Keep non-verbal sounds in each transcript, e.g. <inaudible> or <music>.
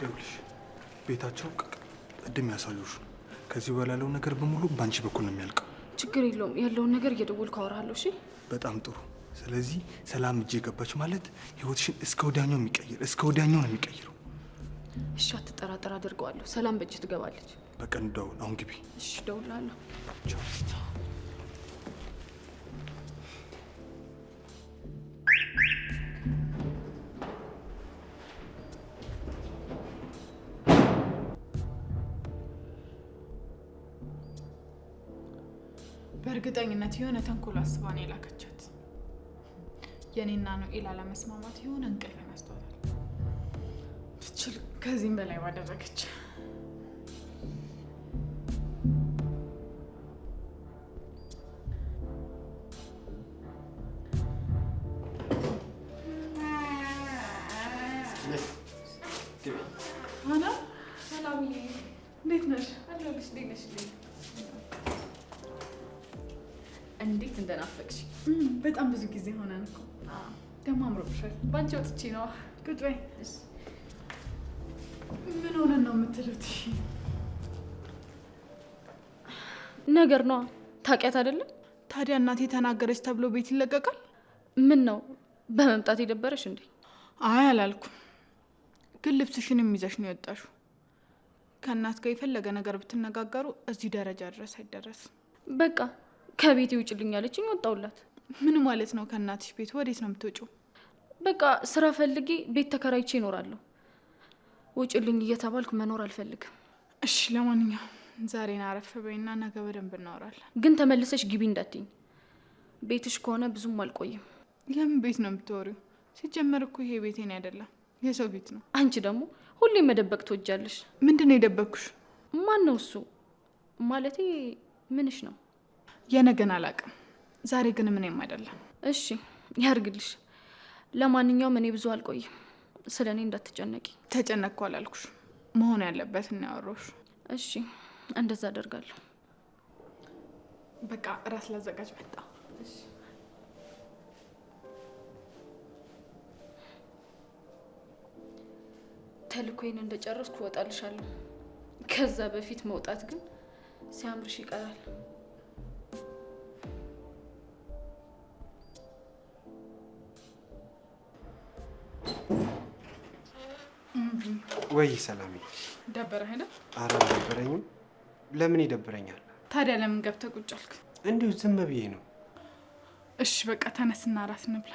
ይኸውልሽ ቤታቸው ቅድም ያሳዩሽ ከዚህ በኋላ ነገር በሙሉ በአንቺ በኩል ነው የሚያልቀው። ችግር የለውም። ያለውን ነገር እየደወልኩ አወራለሁ። እሺ። በጣም ጥሩ። ስለዚህ ሰላም እጄ ገባች ማለት ህይወትሽን እስከ ወዲያኛው የሚቀይር እስከ ወዲያኛው ነው የሚቀይረው። እሺ፣ አትጠራጠር፣ አድርገዋለሁ። ሰላም በእጅ ትገባለች። በቀን ደውል። አሁን ግቢ። እሺ፣ ደውላለሁ። በእርግጠኝነት የሆነ ተንኮል አስባ የላከቻት። የኔና ነው ኢላ ለመስማማት የሆነ እንቅልፍ ያስተዋላል ትችል ከዚህም በላይ ባደረገች እንዴት ነሽ? እንዴት እንደናፈቅሽ በጣም ብዙ ጊዜ ሆነ እኮ። ደግሞ አምሮብሻል። ባንቺ ወጥቼ ነው። ቁጭ በይ። ምን ሆነን ነው የምትሉት? ነገር ነዋ። ታውቂያት አይደለም? ታዲያ እናቴ ተናገረች ተብሎ ቤት ይለቀቃል? ምን ነው በመምጣት የደበረሽ እንዴ? አይ አላልኩም፣ ግን ልብስሽን የሚይዘሽ ነው የወጣሽው። ከእናት ጋር የፈለገ ነገር ብትነጋገሩ እዚህ ደረጃ ድረስ አይደረስም። በቃ ከቤቴ ውጭልኝ አለችኝ። ወጣውላት። ምን ማለት ነው? ከእናትሽ ቤት ወዴት ነው የምትወጪው? በቃ ስራ ፈልጌ ቤት ተከራይቼ ይኖራለሁ። ውጭልኝ እየተባልኩ መኖር አልፈልግም። እሺ፣ ለማንኛውም ዛሬን አረፍ በይና ነገ በደንብ እናወራለን። ግን ተመልሰሽ ግቢ እንዳትኝ። ቤትሽ ከሆነ ብዙም አልቆይም። የምን ቤት ነው የምትወሪው? ሲጀመር እኮ ይሄ ቤቴን አይደለም የሰው ቤት ነው። አንቺ ደግሞ ሁሌ መደበቅ ትወጃለሽ። ምንድን ነው የደበቅኩሽ? ማን ነው እሱ? ማለቴ ምንሽ ነው? የነገን አላውቅም። ዛሬ ግን ምንም አይደለም። እሺ ያርግልሽ። ለማንኛውም እኔ ብዙ አልቆይም። ስለ እኔ እንዳትጨነቂ። ተጨነቅኩ አላልኩሽ። መሆን ያለበት እና እሺ እንደዛ አደርጋለሁ። በቃ ራስ ላዘጋጅ መጣ። ተልኮይን እንደጨረስኩ እወጣልሻለሁ። ከዛ በፊት መውጣት ግን ሲያምርሽ ይቀራል። ወይ ሰላም፣ ደበረህ አይደል? አረ አልደበረኝም። ለምን ይደብረኛል? ታዲያ ለምን ገብተህ ቁጭ አልክ? እንዲሁ ዝም ብዬ ነው። እሺ በቃ ተነስና ራት እንብላ።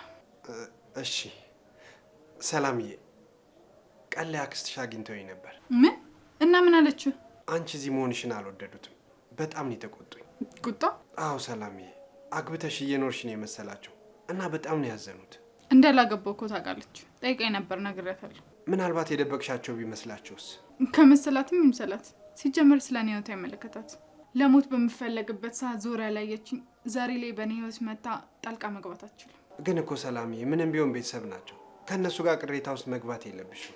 እሺ ሰላምዬ፣ ቀን አክስትሽ አግኝተውኝ ነበር። ምን እና ምን አለችው? አንቺ እዚህ መሆንሽን አልወደዱትም። በጣም ነው የተቆጡኝ። ቁጣ? አዎ ሰላምዬ፣ አግብተሽ እየኖርሽ ነው የመሰላቸው እና በጣም ነው ያዘኑት። ገባው እኮ ታውቃለች። ጠይቃኝ ነበር፣ ነግሬያታለሁ ምናልባት የደበቅሻቸው ቢመስላቸውስ? ከመሰላትም ይምሰላት። ሲጀመር ስለ እኔ ህይወት አይመለከታት። ለሞት በምፈለግበት ሰዓት ዙሪያ ላየችኝ፣ ዛሬ ላይ በእኔ ህይወት መታ ጣልቃ መግባት አትችልም። ግን እኮ ሰላምዬ፣ ምንም ቢሆን ቤተሰብ ናቸው። ከእነሱ ጋር ቅሬታ ውስጥ መግባት የለብሽም።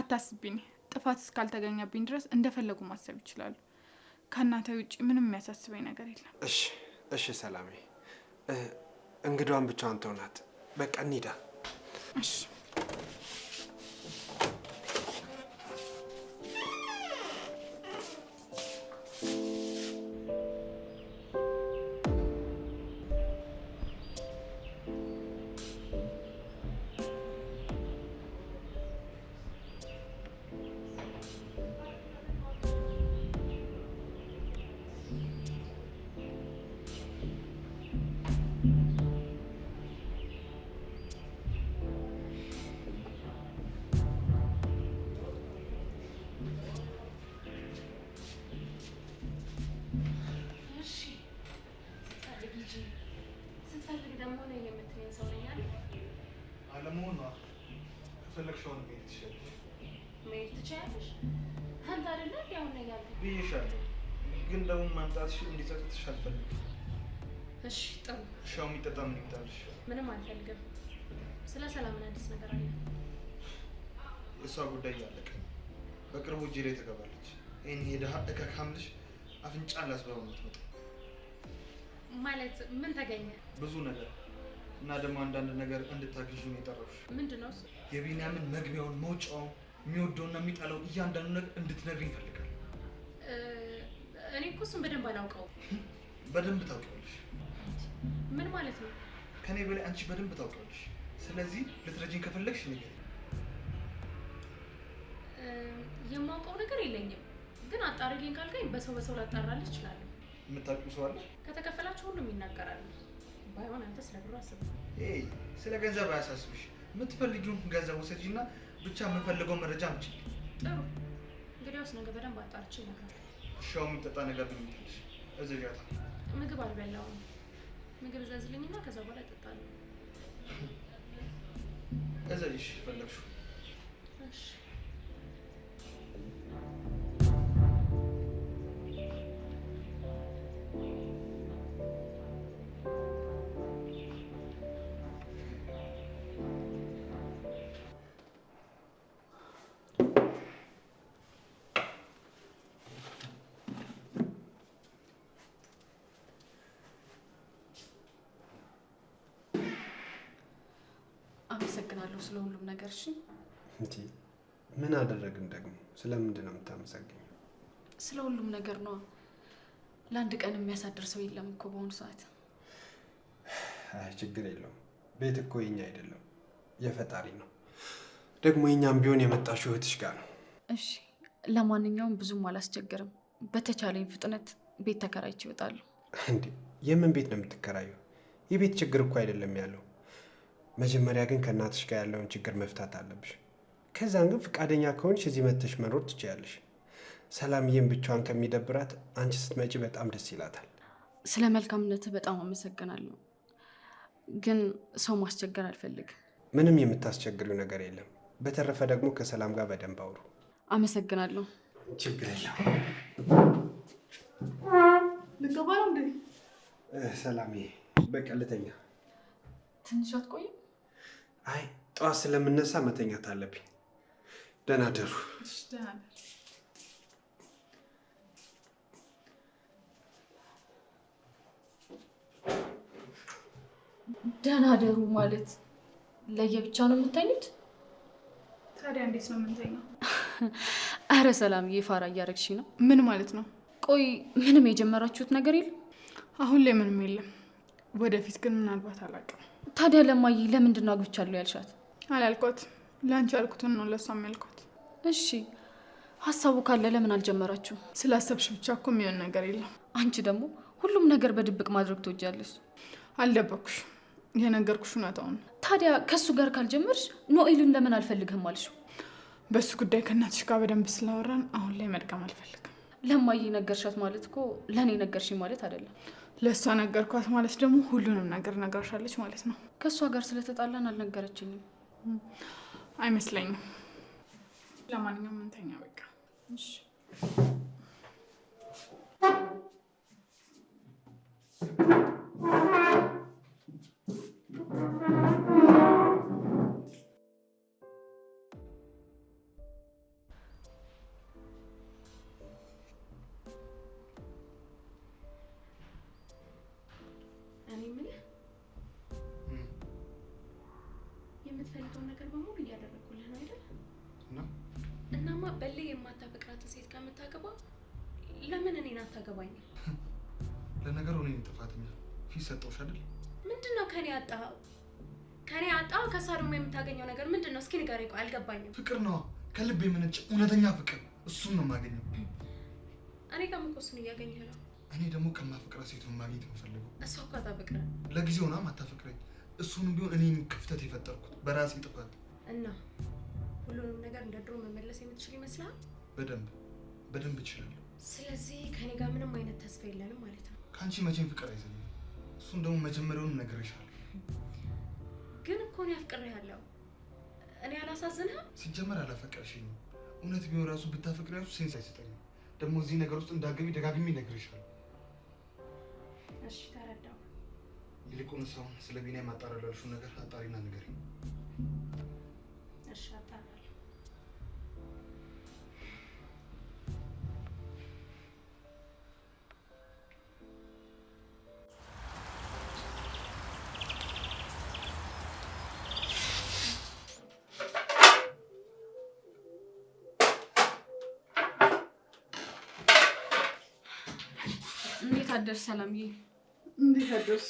አታስቢኝ። ጥፋት እስካልተገኘብኝ ድረስ እንደፈለጉ ማሰብ ይችላሉ። ከእናንተ ውጭ ምንም የሚያሳስበኝ ነገር የለም። እሺ፣ እሺ ሰላሜ፣ እንግዷን ብቻዋን ተውናት። በቃ እንሂዳ። እሺ ፈለግሽውን መሄድ ትችላለሽ። መሄድ ትችላለሽ። አንተ አይደለ ያው ነገር ግን ደግሞ ማምጣትሽ እንዲጸጽትሽ አልፈልግም። እሺ ጥሩ። እሺ የሚጠጣ ምን ይምጣልሽ? ምንም አልፈልግም። ስለ ሰላም ምን አዲስ ነገር አለ? እሷ ጉዳይ ያለቀ በቅርቡ እጄ ላይ ተገባለች። ይህን የድሀ እከካምልሽ አፍንጫ ላስበባ የምትመጣው ማለት ምን ተገኘ? ብዙ ነገር እና ደግሞ አንዳንድ ነገር እንድታግዥ ነው የጠራሁሽ። ምንድን ነው እሱ? የቢንያምን መግቢያውን፣ መውጫውን፣ የሚወደውና የሚጠላው እያንዳንዱ ነገር እንድትነግሪኝ ይፈልጋል። እኔ እኮ እሱን በደንብ አላውቀው። በደንብ ታውቂዋለሽ። ምን ማለት ነው? ከኔ በላይ አንቺ በደንብ ታውቂዋለሽ። ስለዚህ ልትረጂኝ ከፈለግሽ ነገር የማውቀው ነገር የለኝም፣ ግን አጣሪልኝ ካልከኝ በሰው በሰው ላጣራልህ እችላለሁ። የምታውቂው ሰው አለ? ከተከፈላችሁ ሁሉም ይናገራሉ። ባይሆን አንተ ስለ ብሩ አስብ። ስለ ገንዘብ አያሳስብሽ። የምትፈልጊውን ገንዘብ ውሰጂ እና ብቻ የምፈልገው መረጃ አምጪ። ጥሩ እንግዲያውስ ነገ በደንብ አጣርቼ እነግርሃለሁ። ሻው የሚጠጣ ነገር ነው የምትልሽ። እዘዣታ ምግብ አልበላሁም። ምግብ እዘዝልኝና ከዛ በኋላ እጠጣለሁ። እዘዝሽ ፈለግሹ አመሰግናለሁ ስለ ሁሉም ነገር። እሺ እንጂ ምን አደረግን ደግሞ? ስለምንድን ነው የምታመሰግኝ? ስለ ሁሉም ነገር ነው። ለአንድ ቀን የሚያሳድር ሰው የለም እኮ በአሁኑ ሰዓት። አይ ችግር የለውም። ቤት እኮ የኛ አይደለም የፈጣሪ ነው። ደግሞ የኛም ቢሆን የመጣሽው እህትሽ ጋር ነው። እሺ ለማንኛውም ብዙም አላስቸግርም። በተቻለኝ ፍጥነት ቤት ተከራይቼ ይወጣሉ። እንዴ የምን ቤት ነው የምትከራዩ? የቤት ችግር እኮ አይደለም ያለው መጀመሪያ ግን ከእናትሽ ጋር ያለውን ችግር መፍታት አለብሽ። ከዛን ግን ፈቃደኛ ከሆንሽ እዚህ መተሽ መኖር ትችያለሽ። ሰላምዬን ብቻዋን ከሚደብራት አንቺ ስትመጪ በጣም ደስ ይላታል። ስለ መልካምነትህ በጣም አመሰግናለሁ፣ ግን ሰው ማስቸገር አልፈልግም። ምንም የምታስቸግሪው ነገር የለም። በተረፈ ደግሞ ከሰላም ጋር በደንብ አውሩ። አመሰግናለሁ። ችግር የለም። ልገባ ነው እንዴ? ሰላምዬ፣ በቃ ልተኛ። ትንሽ አትቆይም? አይ ጠዋት ስለምነሳ መተኛት አለብኝ። ደህና ደሩ። ደህና ደሩ ማለት ለየብቻ ነው የምተኙት? ታዲያ እንዴት ነው የምንተኛው? <laughs> አረ ሰላም የፋራ እያደረግሽ ነው። ምን ማለት ነው? ቆይ ምንም የጀመራችሁት ነገር የለም? አሁን ላይ ምንም የለም። ወደፊት ግን ምናልባት አላውቅም። ታዲያ ለማዬ ለምንድን ነው አግብቻለሁ ያልሻት? አላልኳት። ለአንቺ ያልኩትን ነው ለእሷም ያልኳት። እሺ ሀሳቡ ካለ ለምን አልጀመራችሁ? ስላሰብሽ ብቻ እኮ የሚሆን ነገር የለም። አንቺ ደግሞ ሁሉም ነገር በድብቅ ማድረግ ትወጃለሽ። አልደበኩሽ፣ የነገርኩሽ እውነታውን። ታዲያ ከእሱ ጋር ካልጀመርሽ ኖኤልን ለምን አልፈልግህም አልሽው? በእሱ ጉዳይ ከእናትሽ ጋር በደንብ ስላወራን አሁን ላይ መድቀም አልፈልግም። ለማዬ ነገርሻት ማለት እኮ ለእኔ ነገርሽኝ ማለት አይደለም። ለእሷ ነገርኳት ማለት ደግሞ ሁሉንም ነገር ነግራሻለች ማለት ነው። ከእሷ ጋር ስለተጣላን አልነገረችኝም አይመስለኝም። ለማንኛውም እንተኛ በቃ። የምትወደውን ነገር በሙሉ እያደረግኩልህ ነው አይደል? እናማ በሌ የማታፈቅራትን ሴት ከምታገባ ለምን እኔን አታገባኝም? <laughs> ለነገሩ እኔ ጥፋተኛ ፊት ሰጠሁሽ አይደል? ምንድን ነው ከኔ አጣኸው? ከኔ አጣኸው? ከእሷ ደግሞ የምታገኘው ነገር ምንድን ነው? እስኪ ንገረኝ። ቆይ አልገባኝም። ፍቅር ነዋ፣ ከልብ የመነጨ እውነተኛ ፍቅር። እሱን ነው የማገኘው። እኔ ከምኮስን እያገኘህ ነው። እኔ ደግሞ ከማፈቅራት ሴት ነው ማግኘት የምፈልገው። እሷ እኮ አታፈቅረኝ። ለጊዜው ናም አታፈቅረኝ እሱን ቢሆን እኔም ክፍተት የፈጠርኩት በራሴ ጥፋት እና ሁሉንም ነገር እንደ ድሮ መመለስ የምትችል ይመስላል። በደንብ በደንብ እችላለሁ። ስለዚህ ከኔ ጋር ምንም አይነት ተስፋ የለንም ማለት ነው። ከአንቺ መቼም ፍቅር አይዘኝም። እሱን ደግሞ መጀመሪያውንም ነግሬሻለሁ። ግን እኮ እኔ ያለው እኔ አላሳዝንህም። ሲጀመር አላፈቀርሽኝም። እውነት ቢሆን ራሱ ብታፈቅሪ ራሱ ሴንስ አይሰጠኝም። ደግሞ እዚህ ነገር ውስጥ እንዳገቢ ደጋግሜ ነግሬሻለሁ። እሺ ይልቁንስ አሁን ስለ ቢኒያም ማጣራት ላልሽው ነገር አጣሪና ንገሪኝ። እሺ አጣራለሁ። እንዴት አደርሽ ሰላምዬ? እንዴት አደርሽ?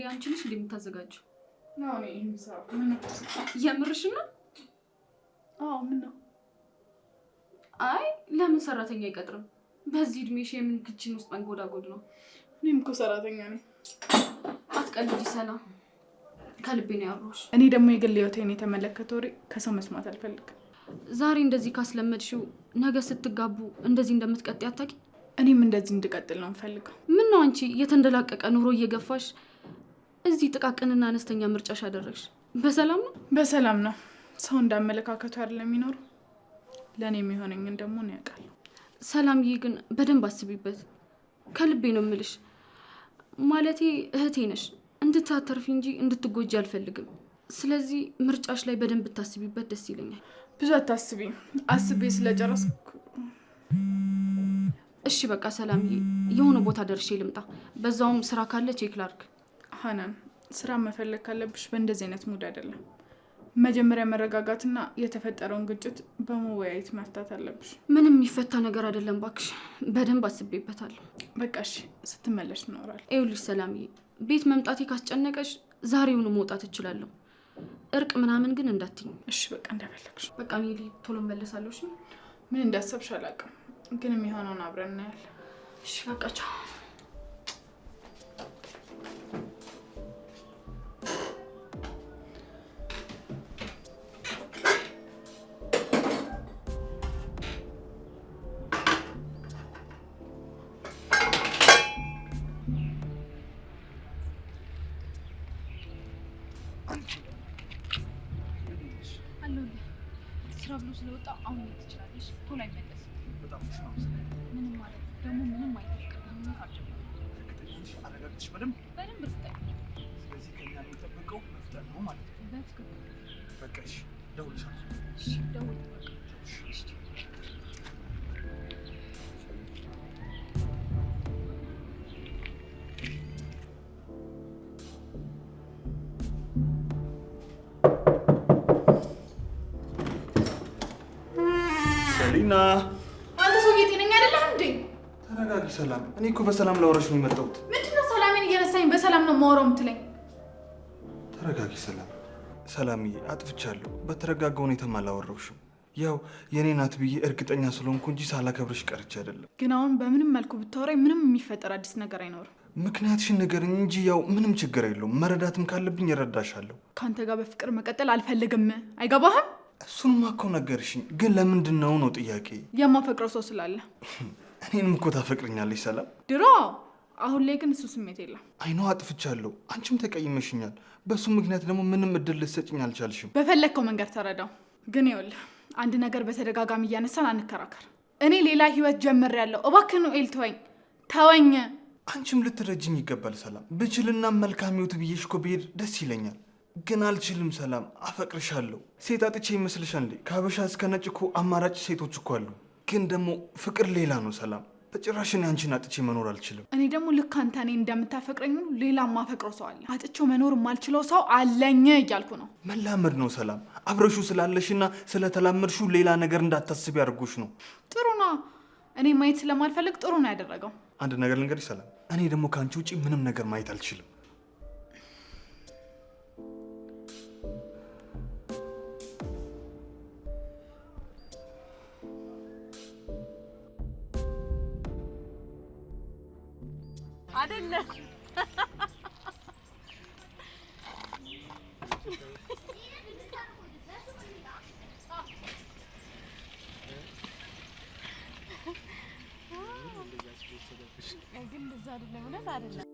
ሁሌ አንቺ ነሽ እንዴ የምርሽ ነው? አዎ። ምን ነው? አይ ለምን ሰራተኛ አይቀጥርም? በዚህ እድሜሽ የምን ክችን ውስጥ መንጎዳጎድ ነው? እኔም እኮ ሰራተኛ ነኝ። አትቀልጂ ሰላም፣ ከልቤ ነው ያወራሁሽ። እኔ ደግሞ የግል ህይወቴን የተመለከተ ወሬ ከሰው መስማት አልፈልግም። ዛሬ እንደዚህ ካስለመድሽው ነገ ስትጋቡ እንደዚህ እንደምትቀጥ ያታቂ እኔም እንደዚህ እንድቀጥል ነው የምፈልገው። ምን ነው አንቺ የተንደላቀቀ ኑሮ እየገፋሽ እዚህ ጥቃቅንና አነስተኛ ምርጫሽ አደረግሽ። በሰላም ነው በሰላም ነው። ሰው እንዳመለካከቱ አይደለም የሚኖረው። ለእኔ የሚሆነኝን ደግሞ ነው ያውቃል። ሰላምዬ ግን በደንብ አስቢበት። ከልቤ ነው የምልሽ። ማለቴ እህቴ ነሽ፣ እንድታተርፊ እንጂ እንድትጎጂ አልፈልግም። ስለዚህ ምርጫሽ ላይ በደንብ ብታስቢበት ደስ ይለኛል። ብዙ አታስቢ፣ አስቤ ስለጨረስኩ እሺ በቃ ሰላምዬ፣ የሆነ ቦታ ደርሼ ልምጣ። በዛውም ስራ ካለ ቼክ ላድርግ። ሀናን ስራ መፈለግ ካለብሽ በእንደዚህ አይነት ሙድ አይደለም። መጀመሪያ መረጋጋትና የተፈጠረውን ግጭት በመወያየት መፍታት አለብሽ። ምንም የሚፈታ ነገር አይደለም ባክሽ፣ በደንብ አስቤበታለሁ። በቃሽ፣ ስትመለሽ ይኖራል። ይኸውልሽ ሰላምዬ፣ ቤት መምጣቴ ካስጨነቀሽ ዛሬውኑ መውጣት እችላለሁ። እርቅ ምናምን ግን እንዳትኝ እሺ። በቃ እንደፈለግሽ። በቃ ሚሊ፣ ቶሎ መለሳለሁ። ምን እንዳሰብሽ አላውቅም፣ ግን የሚሆነውን አብረን እናያለን። እሺ በቃ ቻው። አለሁልህ። ስራ ብሎ ስለወጣ አሁን የት ትችላለሽ? ቶሎ አይመለስም። በጣም ምንም ማለት ደግሞ ምንም አይጠቅም። አረጋግጥሽ? በደንብ በደንብ ስለዚህ ከኛ ነው ማለት ነው። በትክክል። በቃ እሺ፣ እደውልልሻለሁ። እሺ፣ ደውል። እሺ ደውል በቃ ሊና፣ አንተ ሰውዬ ጤነኛ አይደለህ እንዴ? ተረጋጊ ሰላም። እኔ እኮ በሰላም ላወራሽ ነው የመጣሁት። ምንድነው ሰላሜን እየነሳኝ በሰላም ነው የማወራው የምትለኝ? ተረጋጊ ሰላም። ሰላምዬ፣ አጥፍቻለሁ። በተረጋጋ ሁኔታም አላወራሁሽም። ያው የኔ ናት ብዬ እርግጠኛ ስለሆንኩ እንጂ ሳላከብርሽ ቀርቼ አይደለም። ግን አሁን በምንም መልኩ ብታወራኝ ምንም የሚፈጠር አዲስ ነገር አይኖርም። ምክንያትሽን ንገረኝ እንጂ ያው ምንም ችግር የለውም። መረዳትም ካለብኝ እረዳሻለሁ። ከአንተ ጋር በፍቅር መቀጠል አልፈልግም። አይገባህም? እሱንማ እኮ ነገርሽኝ። ግን ለምንድን ነው ነው ጥያቄ። የማፈቅረው ሰው ስላለ። እኔንም እኮ ታፈቅርኛለሽ ሰላም። ድሮ፣ አሁን ላይ ግን እሱ ስሜት የለም። አይኖ አጥፍቻለሁ። አንቺም ተቀይመሽኛል። በእሱ ምክንያት ደግሞ ምንም እድል ልትሰጭኝ አልቻልሽም። በፈለግከው መንገድ ተረዳው። ግን ይኸውልህ አንድ ነገር በተደጋጋሚ እያነሳን አንከራከር። እኔ ሌላ ህይወት ጀምሬያለሁ። እባክህ ኑኤል ተወኝ፣ ተወኝ። አንቺም ልትረጅኝ ይገባል ሰላም። ብችልና መልካም ህይወት ብዬሽ እኮ ብሄድ ደስ ይለኛል። ግን አልችልም ሰላም፣ አፈቅርሻለሁ። ሴት አጥቼ ይመስልሻል እንዴ? ከሀበሻ እስከ ነጭ እኮ አማራጭ ሴቶች እኮ አሉ። ግን ደግሞ ፍቅር ሌላ ነው ሰላም። በጭራሽ እኔ አንቺን አጥቼ መኖር አልችልም። እኔ ደግሞ ልክ አንተ እኔ እንደምታፈቅረኝ ሌላ ማፈቅረው ሰው አለ። አጥቼው መኖር የማልችለው ሰው አለኝ እያልኩ ነው። መላመድ ነው ሰላም። አብረሹ ስላለሽና ስለተላመድሹ ሌላ ነገር እንዳታስብ ያደርጎሽ ነው። ጥሩ ነው። እኔ ማየት ስለማልፈልግ ጥሩ ነው ያደረገው። አንድ ነገር ልንገርሽ ሰላም፣ እኔ ደግሞ ከአንቺ ውጪ ምንም ነገር ማየት አልችልም። Madenler. Egin bizarre ne ne zararlı?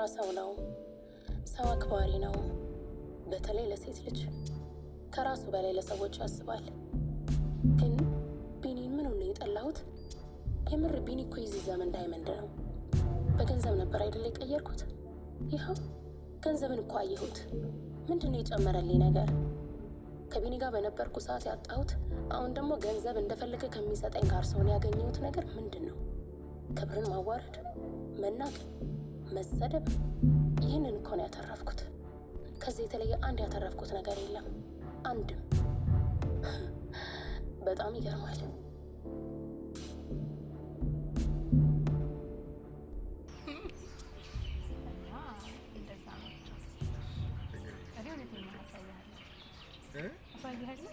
ጠንካራ ሰው ነው። ሰው አክባሪ ነው። በተለይ ለሴት ልጅ ከራሱ በላይ ለሰዎች ያስባል። ግን ቢኒ ምን ነው የጠላሁት? የምር ቢኒ እኮ የዚህ ዘመን ዳይመንድ ነው። በገንዘብ ነበር አይደል የቀየርኩት? ይኸው ገንዘብን እኮ አየሁት። ምንድን ነው የጨመረልኝ ነገር? ከቢኒ ጋር በነበርኩ ሰዓት ያጣሁት፣ አሁን ደግሞ ገንዘብ እንደፈለገ ከሚሰጠኝ ጋር ሰውን ያገኘሁት ነገር ምንድን ነው? ክብርን ማዋረድ፣ መናቅ መሰደብ። ይህንን እኮ ነው ያተረፍኩት። ከዚህ የተለየ አንድ ያተረፍኩት ነገር የለም አንድም። <laughs> በጣም ይገርማል። እንደዛ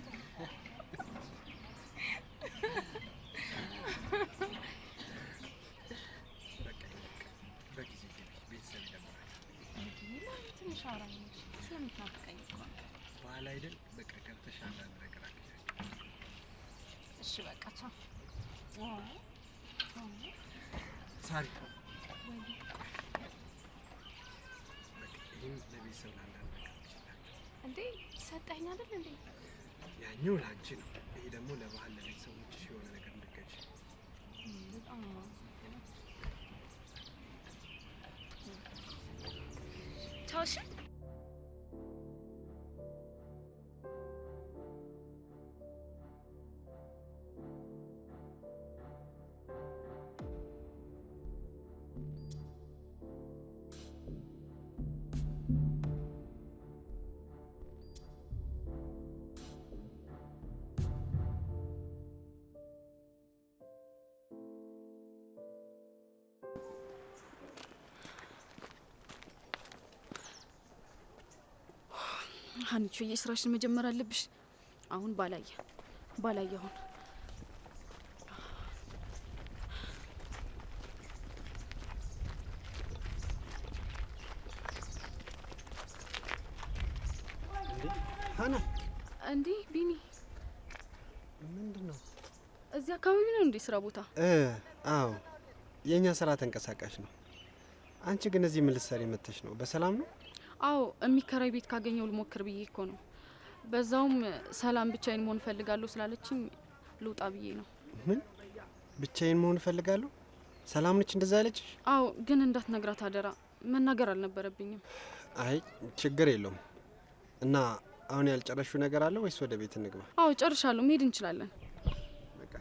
የተሻለ ነገር እሺ፣ በቃ ቻው። ሳሪ ይህም ለቤተሰብ ለአንዳንድ ነገሮች እንዴ ሰጠኝ አይደል እንዴ? ያኛው ለአንቺ ነው። ይሄ ደግሞ ለባህል ለቤተሰቦችሽ የሆነ ነገር እንድገጭ ቻው። ሀኒቾዬ የስራሽን መጀመር አለብሽ። አሁን ባላየ ባላየ አሁን ሀና ቢኒ ምንድን ነው? እዚህ አካባቢ ነው እንዴ ስራ ቦታ? አዎ የእኛ ስራ ተንቀሳቃሽ ነው። አንቺ ግን እዚህ ምን ልትሰሪ መጥተሽ ነው? በሰላም ነው? አዎ የሚከራይ ቤት ካገኘው ልሞክር ብዬ እኮ ነው። በዛውም ሰላም ብቻዬን መሆን እፈልጋለሁ ስላለችኝ ልውጣ ብዬ ነው። ምን ብቻዬን መሆን እፈልጋለሁ? ሰላም ነች እንደዛ ያለች? አዎ፣ ግን እንዳት ነግራት አደራ። መናገር አልነበረብኝም። አይ ችግር የለውም። እና አሁን ያልጨረሹ ነገር አለ ወይስ ወደ ቤት እንግባ? አዎ ጨርሻለሁ። መሄድ እንችላለን። በቃ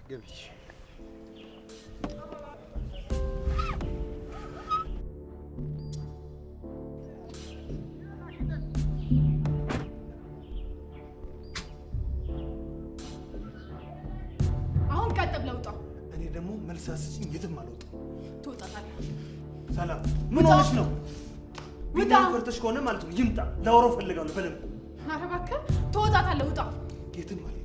ሳስጭኝ የትም አልወጣም። ትወጣላለህ። ሰላም ምን ሆነሽ ነው? ቢና ፈርተሽ ከሆነ ማለት ነው ይምጣ። ላውራው ፈልጋለሁ በደንብ። ኧረ እባክህ ትወጣታለህ። ውጣ የትም